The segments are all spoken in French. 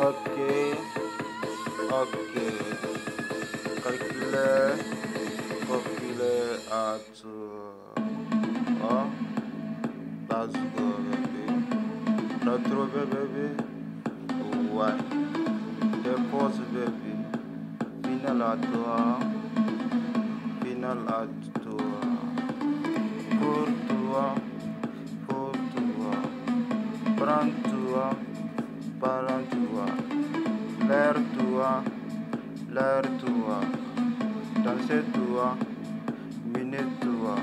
ok, ok, calcule, calcule at, uh, oh, that's good, baby, not true, baby, why, depose, baby, final at, uh, final at, uh, pour toi, pour toi, prends toi, parents l'air toi, l'air toi, danser toi, miner toi,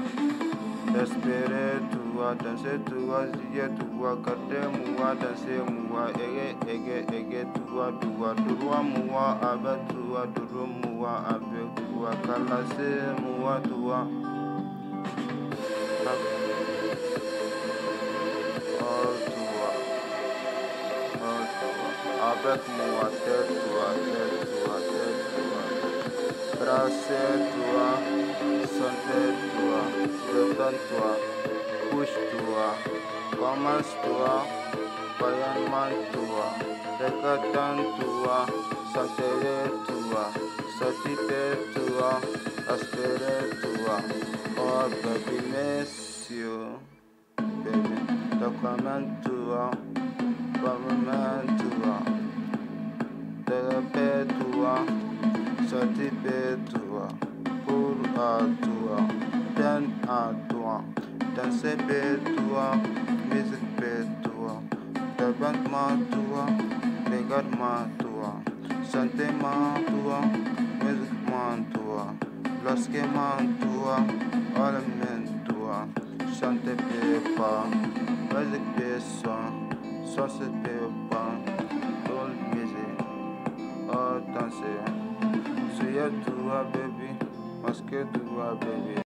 espérer toi, danser toi, zier toi, garder moi, danser moi, ege, ege, ege toi, toi, droit moi, avec toi, droit moi, avec toi, calasser moi, toi. All avec moi, tais-toi, tais-toi, tais-toi. Brassez-toi, sentez-toi, détends-toi, couche-toi, commence-toi, bayonne-toi, décadent-toi, sentez-toi, sentez-toi, aspirez-toi. Oh, baby, miss you, baby, document-toi. Sati bɛ tua koro a tua fɛn a tuba danse bɛ tuba misi bɛ tuba daban ma tua bɛnkan ma tua sante ma tua misi ma tuba laske ma tua alime tua sante bɛ pa misi bɛ sɔn sɔsi bɛ pan tol misi a danse. Say yeah to her, baby. Must get to her, baby.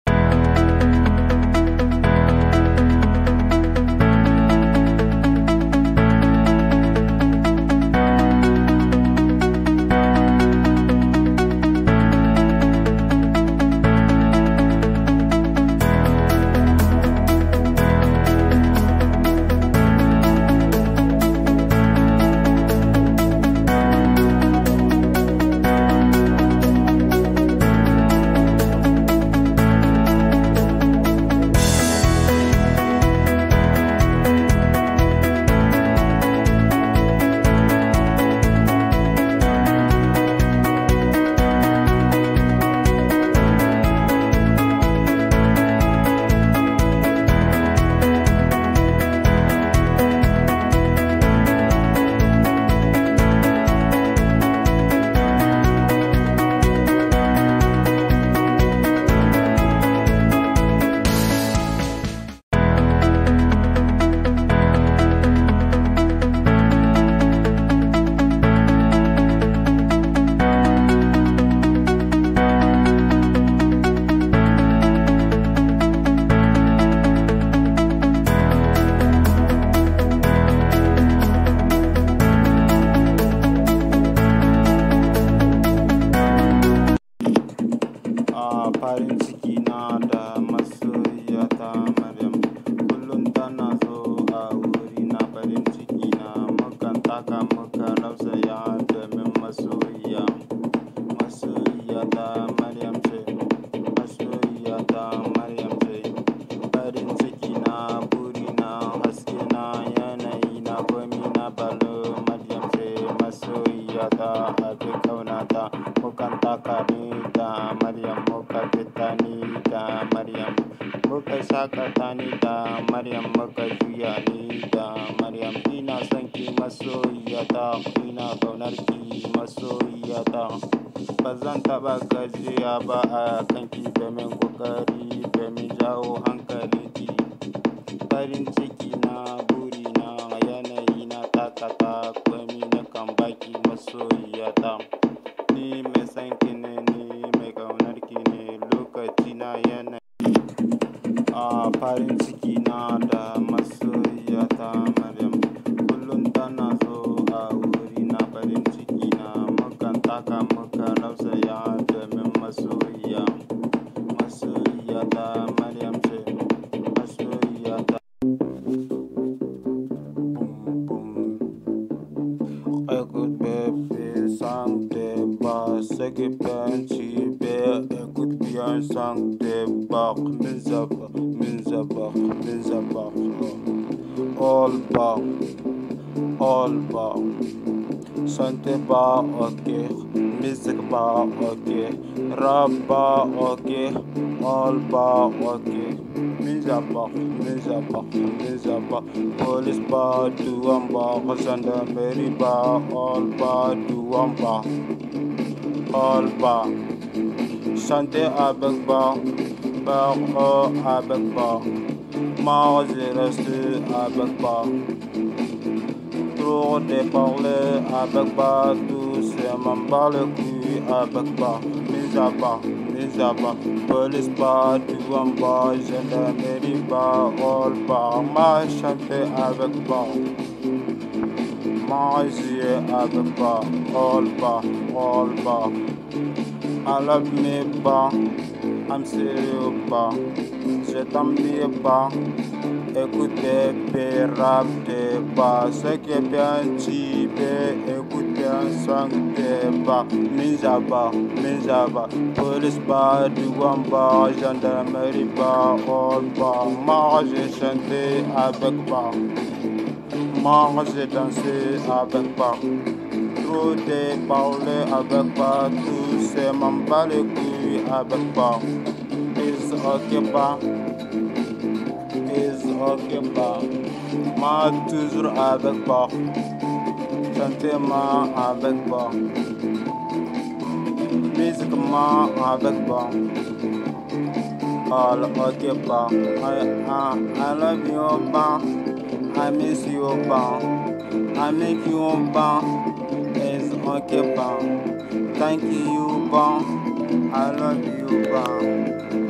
mukan taka ni da Maryam muka fita ni da Maryam muka shaƙata ni da Maryam muka juya ni da Maryam ina son ki masoyata ina ki masoyata. ba zan taɓa gajiya ba a kanki domin ƙoƙari domin jawo hankalinki farin ciki na buri na yanayi na takata komi na kan baki masoyata. Look at lokaci na yanayi a farin ciki na da masoyiya ta Maryam kullum tana so a wuri na farin ciki na ka taka muka rausaya domin masoyiya masoyiya ta Minzaba, à Minzaba. All bow, all bow. Santé ba ok, Musique ba ok, rap ba ok, all ba ok. mise à Minzaba. Police ba duamba, gendarmerie ba, all ba bas all ba. Santé avec ba meurt avec pas, mange et reste avec pas, Trop de parler avec pas tout se m'en bat le cul avec pas, Mis à bas, mis à bas, police pas, tu vois pas, je ne mérite pas, all pas, ma chanter avec pas, Moi, je avec pas, all pas, all pas. à love pas. Je ba c'est un Écoutez, bien rap bas, Ce qui est bien tibé, écoute bien sang débat. minzaba. Minjaba. Police du wamba, gendarmerie pas, on bas. Moi j'ai chanté avec ba. Moi j'ai dansé avec moi, Trop de parler avec pas, tout ces m'en pas les couilles pas? is Okeba is pas? ma toujours avec avec sentiment Physiquement avec pas. all ok I, I, I love you ba I miss you ba I make you ba is thank you ba I love you, Bob.